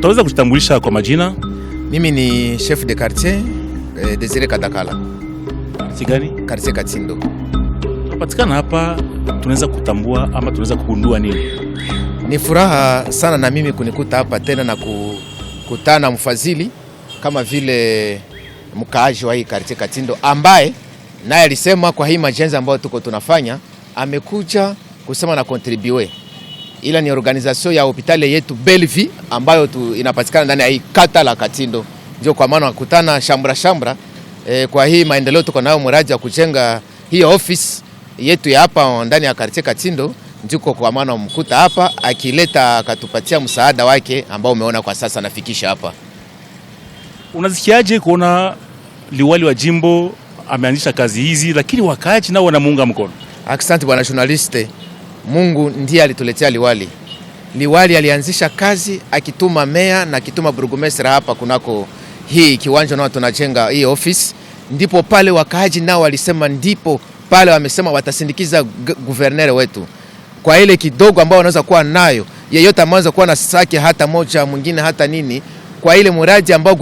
Utaweza kujitambulisha kwa majina? Mimi ni chef de quartier eh, Desire Kadakala. Quartier gani? Quartier Katindo. Tunapatikana hapa, tunaweza kutambua ama tunaweza kugundua nini? Ni furaha sana na mimi kunikuta hapa tena na kukutana mfadhili kama vile mkaaji wa hii quartier Katindo ambaye naye alisema kwa hii majenzi ambayo tuko tunafanya amekuja kusema na contribute ila ni organization ya hopitali yetu Bellevue ambayo tu inapatikana ndani ya hii kata la Katindo, ndio kwa maana wakutana shambra shambra e, kwa hii maendeleo tuko nayo mradi wa kujenga hii office yetu ya hapa ndani ya kartie Katindo, ndiko kwa maana mkuta hapa akileta akatupatia msaada wake ambao umeona kwa sasa nafikisha hapa. Unazikiaje kuona liwali wa jimbo ameanzisha kazi hizi, lakini wakaaji nao wanamuunga mkono? Asante bwana journaliste. Mungu ndiye alituletea liwali. Liwali alianzisha kazi akituma meya na akituma burugumestra hapa kunako hii kiwanja nao tunajenga hii office, ndipo pale wakaaji nao walisema, ndipo pale wamesema watasindikiza guvernere wetu kwa ile kidogo ambao wanaweza kuwa nayo, yeyote ameweza kuwa na sake hata moja mwingine hata nini, kwa ile muradi ambao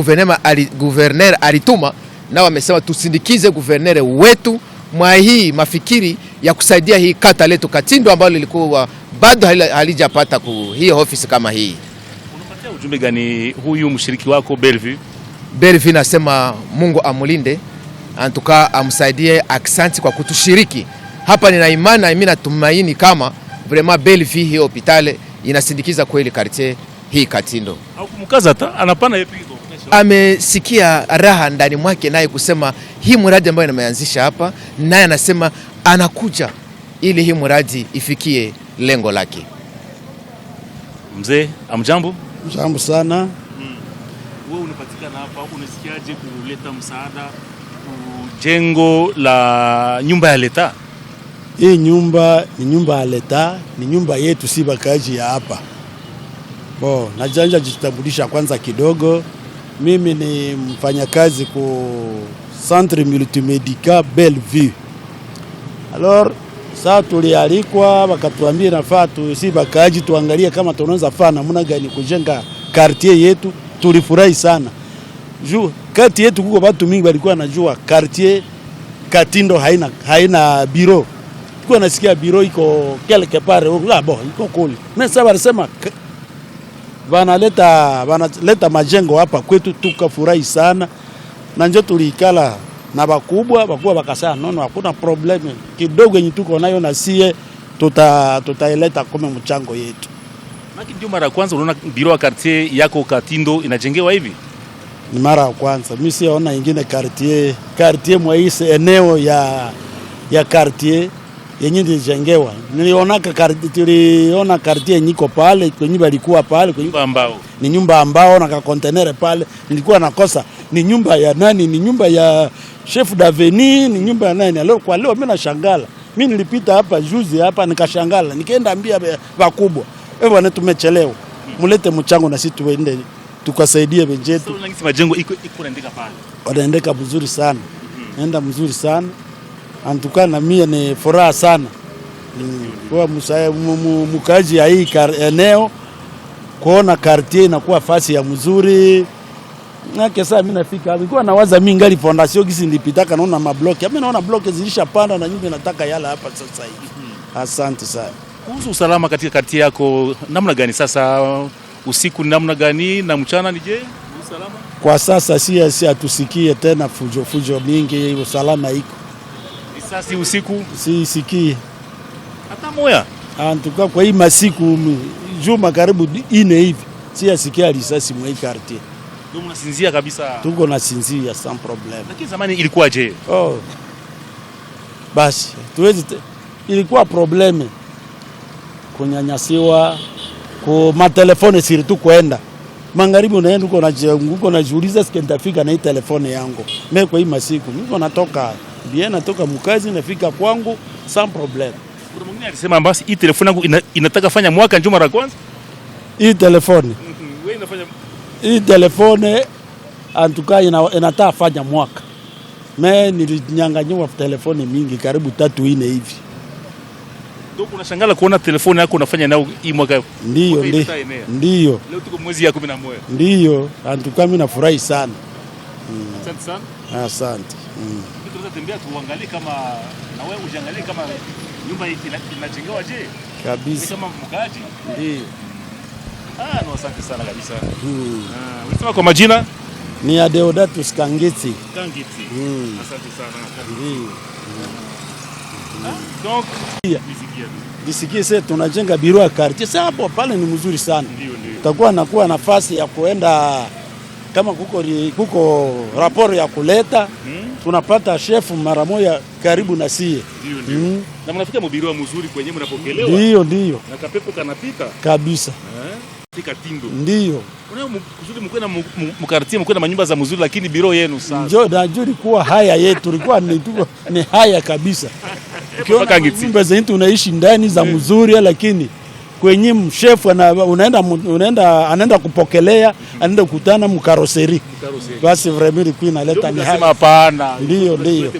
guvernere alituma, nao wamesema tusindikize guvernere wetu mwa hii mafikiri ya kusaidia hii kata letu Katindo ambalo lilikuwa bado halijapata hii ofisi kama hii. Unapatia ujumbe gani huyu mshiriki wako Belvi? Belvi nasema Mungu amulinde, antuka amsaidie. Aksanti kwa kutushiriki hapa, nina imani na mimi natumaini kama vraiment Belvi hii hospitali inasindikiza kweli kartie hii Katindo. Amesikia raha ndani mwake naye kusema hii mradi ambayo nimeanzisha hapa, naye anasema anakuja ili hii mradi ifikie lengo lake. Mzee, amjambo? Jambo sana. Mm. Wewe unapatikana hapa, unasikiaje kuleta msaada jengo la nyumba ya leta? Hii nyumba ni nyumba ya leta, ni nyumba yetu, si bakaji ya hapa bo. Najanja jitambulisha kwanza kidogo. Mimi ni mfanyakazi ku Centre Multimedical Bellevue. Alors saa tulialikwa, wakatuambia nafaa tusi bakaji tuangalie kama tunaweza faa namna gani kujenga quartier yetu. Tulifurahi sana juu kati yetu kuko watu mingi walikuwa najua quartier Katindo haina, haina biro tulikuwa nasikia biro iko quelque part la bo iko kuli mimi sasa wanasema wanaleta wanaleta majengo hapa kwetu, tukafurahi sana na njo tulikala na bakubwa bakubwa bakasaa nono, hakuna problem kidogo yenye tuko nayo na sie tuta tutaileta kome mchango yetu. Maki, ndio mara ya kwanza unaona biro ya quartier yako Katindo inajengewa hivi? Ni mara ya kwanza mimi, siona ingine quartier quartier mwaise eneo ya ya quartier yenye nilijengewa. Nilionaka karti, tuliona yenye iko pale kwenye balikuwa pale kwenye nyumba ambao ni nyumba ambao na ka container pale, nilikuwa nakosa ni nyumba ya nani, ni nyumba ya chef d'aveni, ni nyumba ya nani? Leo kwa leo mimi nashangala, mimi nilipita hapa juzi hapa nikashangala, nikaenda ambia wakubwa, eh bwana, tumechelewa, mulete mchango na sisi tuende tukasaidia wenzetu. So, majengo iko iko naendeka pale, wanaendeka vizuri sana, mm -hmm. naenda mzuri sana antuka na mie ni furaha sana kuwa mkaji ya hii eneo kuona kartie inakuwa fasi ya mzuri nake saa mimi nafika hapo nilikuwa nawaza mimi ngali fondation gisi nilipitaka naona mabloki mimi naona bloki zilishapanda na nyumba nataka yala hapa sasa hivi hmm. asante sana kuhusu usalama katika kati yako namna gani sasa usiku ni namna gani na mchana nije usalama kwa sasa si si atusikie tena fujo fujo mingi usalama iko sasa si usiku siisikii hata moya antuka ah, kwa hii masiku juma karibu ine hivi siasikia risasi mwa hii quartier. Tunasinzia kabisa. Tuko nasinzia sans problème. Lakini zamani ilikuwa je? Oh. Basi, tuwezi te... ilikuwa probleme kunyanyasiwa ku matelefone siri tu kwenda magharibi, unaenda uko na sikendafika na sikentafika na hii telefone yangu. Mimi kwa hii masiku niko natoka bien, natoka mkazi nafika kwangu sans problème. Kuna mwingine alisema basi hii telefoni yangu inataka fanya mwaka njoo mara kwanza hii telefoni mm-hmm. wewe inafanya hii telefone antuka ina, inataka fanya mwaka me nilinyanganywa telefoni mingi karibu tatu ine hivi Ndugu, unashangala kuona telefoni yako unafanya nayo hii mwaka. Ndio, ndio. Leo tuko mwezi ya 11. Ndio, antuka mimi nafurahi sana. Mm. Asante sana. Asante. Mm lakini tembea tuangalie, kama na wewe ujiangalie kama nyumba inajengewa je kabisa kama Ndio. Ah, no, asante sana kabisa. Hmm. Ah, unasema kwa majina ni Adeodatus Kangiti. Kangiti. Hmm. Asante sana. Ndio. Ah, donc, sasa tunajenga biro ya quartier. Sasa hapo pale ni mzuri sana. Ndio, ndio. Utakuwa nakuwa nafasi ya kuenda kama kuko, kuko raporo ya kuleta hmm. tunapata shefu mara moja karibu na sie. hmm. na mnafika mubiriwa mzuri kwenye mnapokelewa. Ndio ndio. Na kapepo kanapika kabisa eh? Pika tindo. Ndio. Kuna mzuri mko na mkartie mko na manyumba za mzuri, lakini biro yenu sasa. Njoo na juri ilikuwa haya yetu ilikuwa ni, ni haya kabisa. Ukiona nyumba zetu unaishi ndani za mzuri hmm. lakini kwenye mshefu ana, unaenda, unaenda, anaenda kupokelea anaenda kukutana mkaroseri, basi vraiment ilikuwa naleta ni hapa. Hapana, ndio ndio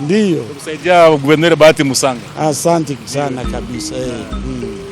ndio kusaidia Guverneri Bahati Musanga. Asante sana kabisa. Eh. Hmm.